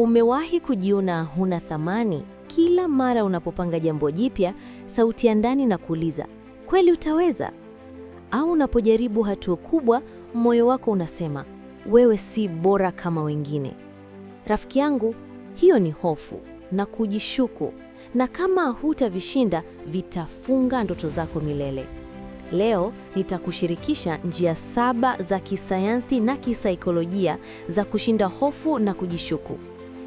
Umewahi kujiona huna thamani? Kila mara unapopanga jambo jipya, sauti ya ndani na kuuliza kweli utaweza? Au unapojaribu hatua kubwa, moyo wako unasema wewe si bora kama wengine. Rafiki yangu, hiyo ni hofu na kujishuku, na kama hutavishinda vitafunga ndoto zako milele. Leo nitakushirikisha njia saba za kisayansi na kisaikolojia za kushinda hofu na kujishuku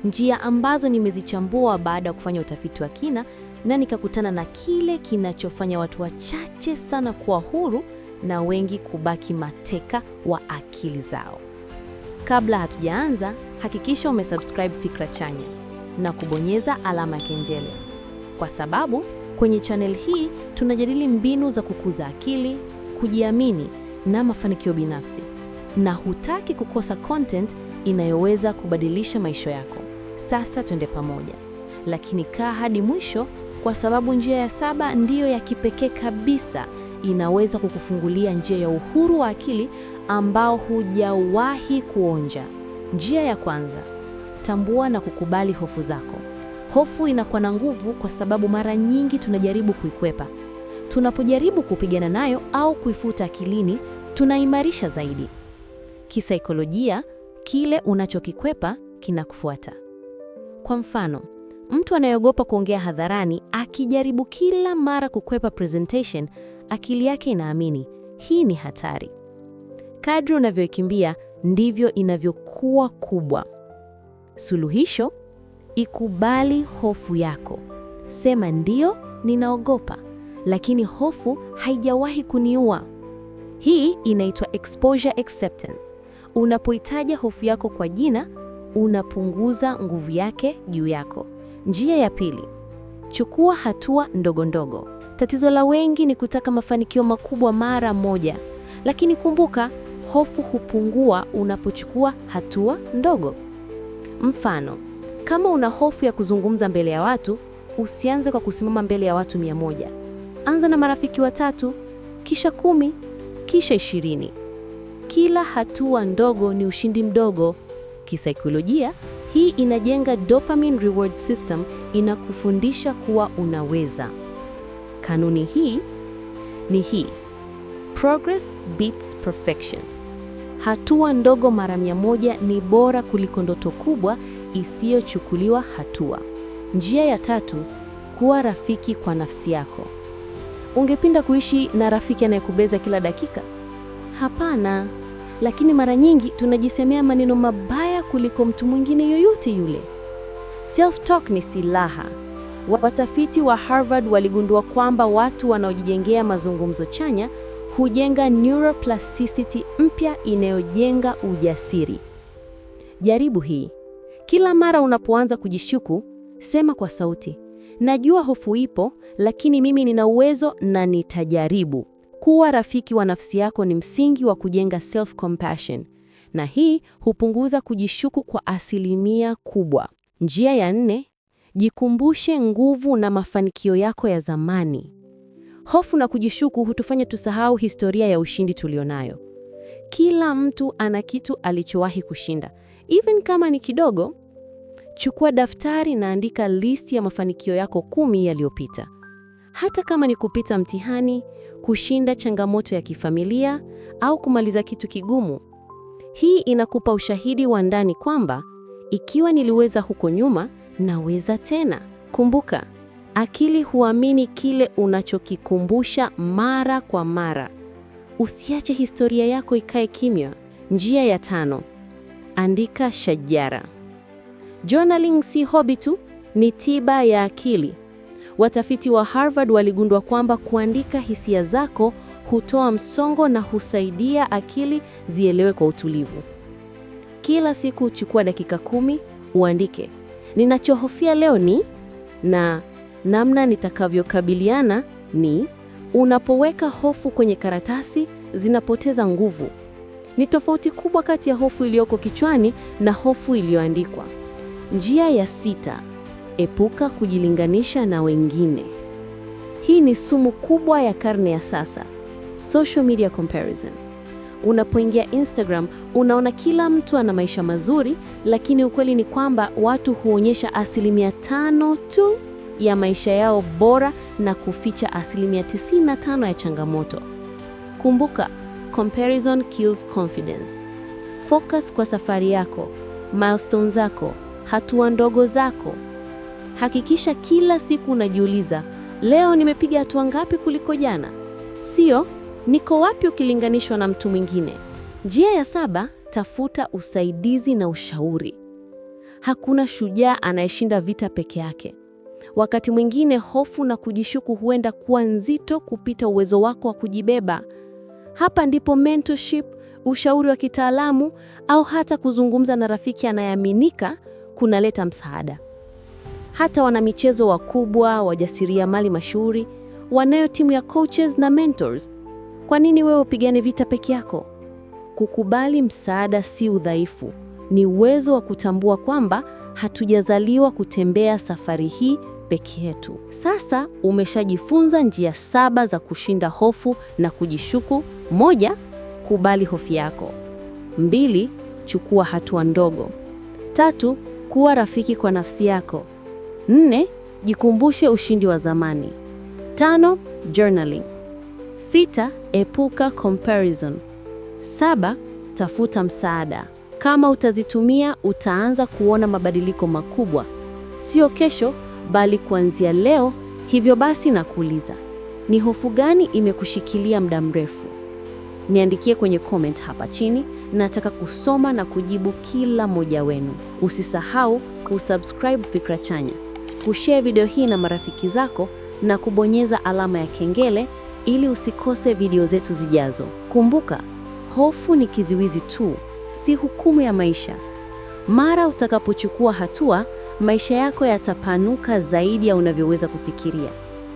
njia ambazo nimezichambua baada ya kufanya utafiti wa kina, na nikakutana na kile kinachofanya watu wachache sana kuwa huru na wengi kubaki mateka wa akili zao. Kabla hatujaanza, hakikisha umesubscribe Fikra Chanya na kubonyeza alama ya kengele, kwa sababu kwenye channel hii tunajadili mbinu za kukuza akili, kujiamini na mafanikio binafsi, na hutaki kukosa content inayoweza kubadilisha maisha yako. Sasa twende pamoja, lakini kaa hadi mwisho, kwa sababu njia ya saba ndiyo ya kipekee kabisa. Inaweza kukufungulia njia ya uhuru wa akili ambao hujawahi kuonja. Njia ya kwanza, tambua na kukubali hofu zako. Hofu inakuwa na nguvu kwa sababu mara nyingi tunajaribu kuikwepa. Tunapojaribu kupigana nayo au kuifuta akilini, tunaimarisha zaidi. Kisaikolojia, kile unachokikwepa kinakufuata. Kwa mfano, mtu anayeogopa kuongea hadharani akijaribu kila mara kukwepa presentation, akili yake inaamini hii ni hatari. Kadri unavyokimbia ndivyo inavyokuwa kubwa. Suluhisho: ikubali hofu yako, sema ndiyo, ninaogopa, lakini hofu haijawahi kuniua. Hii inaitwa exposure acceptance. Unapoitaja hofu yako kwa jina unapunguza nguvu yake juu yako. Njia ya pili, chukua hatua ndogo ndogo. Tatizo la wengi ni kutaka mafanikio makubwa mara moja, lakini kumbuka, hofu hupungua unapochukua hatua ndogo. Mfano, kama una hofu ya kuzungumza mbele ya watu, usianze kwa kusimama mbele ya watu mia moja. Anza na marafiki watatu, kisha kumi, kisha ishirini. Kila hatua ndogo ni ushindi mdogo Kisaikolojia, hii inajenga dopamine reward system, inakufundisha kuwa unaweza. Kanuni hii ni hii: progress beats perfection. Hatua ndogo mara mia moja ni bora kuliko ndoto kubwa isiyochukuliwa hatua. Njia ya tatu, kuwa rafiki kwa nafsi yako. Ungependa kuishi na rafiki anayekubeza kila dakika? Hapana, lakini mara nyingi tunajisemea maneno mabaya kuliko mtu mwingine yoyote yule. Self talk ni silaha. Watafiti wa Harvard waligundua kwamba watu wanaojijengea mazungumzo chanya hujenga neuroplasticity mpya inayojenga ujasiri. Jaribu hii. Kila mara unapoanza kujishuku, sema kwa sauti, najua hofu ipo, lakini mimi nina uwezo na nitajaribu. Kuwa rafiki wa nafsi yako ni msingi wa kujenga self compassion na hii hupunguza kujishuku kwa asilimia kubwa. Njia ya nne, jikumbushe nguvu na mafanikio yako ya zamani. Hofu na kujishuku hutufanya tusahau historia ya ushindi tulionayo. Kila mtu ana kitu alichowahi kushinda, even kama ni kidogo. Chukua daftari na andika listi ya mafanikio yako kumi yaliyopita, hata kama ni kupita mtihani, kushinda changamoto ya kifamilia au kumaliza kitu kigumu. Hii inakupa ushahidi wa ndani kwamba ikiwa niliweza huko nyuma, naweza tena. Kumbuka, akili huamini kile unachokikumbusha mara kwa mara. Usiache historia yako ikae kimya. Njia ya tano: andika shajara. Journaling si hobi tu, ni tiba ya akili. Watafiti wa Harvard waligundua kwamba kuandika hisia zako hutoa msongo na husaidia akili zielewe kwa utulivu. Kila siku chukua dakika kumi, uandike ninachohofia leo ni na namna nitakavyokabiliana ni. Unapoweka hofu kwenye karatasi, zinapoteza nguvu. Ni tofauti kubwa kati ya hofu iliyoko kichwani na hofu iliyoandikwa. Njia ya sita, epuka kujilinganisha na wengine. Hii ni sumu kubwa ya karne ya sasa social media comparison. Unapoingia Instagram unaona kila mtu ana maisha mazuri, lakini ukweli ni kwamba watu huonyesha asilimia tano tu ya maisha yao bora na kuficha asilimia 95 ya changamoto. Kumbuka, comparison kills confidence. Focus kwa safari yako, milestone zako, hatua ndogo zako. Hakikisha kila siku unajiuliza, leo nimepiga hatua ngapi kuliko jana? Sio Niko wapi ukilinganishwa na mtu mwingine? Njia ya saba, tafuta usaidizi na ushauri. Hakuna shujaa anayeshinda vita peke yake. Wakati mwingine hofu na kujishuku huenda kuwa nzito kupita uwezo wako wa kujibeba. Hapa ndipo mentorship, ushauri wa kitaalamu au hata kuzungumza na rafiki anayeaminika kunaleta msaada. Hata wanamichezo wakubwa, wajasiriamali mashuhuri, wanayo timu ya coaches na mentors. Kwa nini wewe upigane vita peke yako? Kukubali msaada si udhaifu, ni uwezo wa kutambua kwamba hatujazaliwa kutembea safari hii peke yetu. Sasa umeshajifunza njia saba za kushinda hofu na kujishuku. Moja, kubali hofu yako. Mbili, chukua hatua ndogo. Tatu, kuwa rafiki kwa nafsi yako. Nne, jikumbushe ushindi wa zamani. Tano, journaling. Sita, epuka comparison. Saba, tafuta msaada. Kama utazitumia utaanza kuona mabadiliko makubwa, sio kesho, bali kuanzia leo. Hivyo basi nakuuliza, ni hofu gani imekushikilia muda mrefu? Niandikie kwenye comment hapa chini, nataka kusoma na kujibu kila moja wenu. Usisahau kusubscribe Fikra Chanya, kushare video hii na marafiki zako na kubonyeza alama ya kengele ili usikose video zetu zijazo. Kumbuka, hofu ni kizuizi tu, si hukumu ya maisha. Mara utakapochukua hatua, maisha yako yatapanuka zaidi ya unavyoweza kufikiria.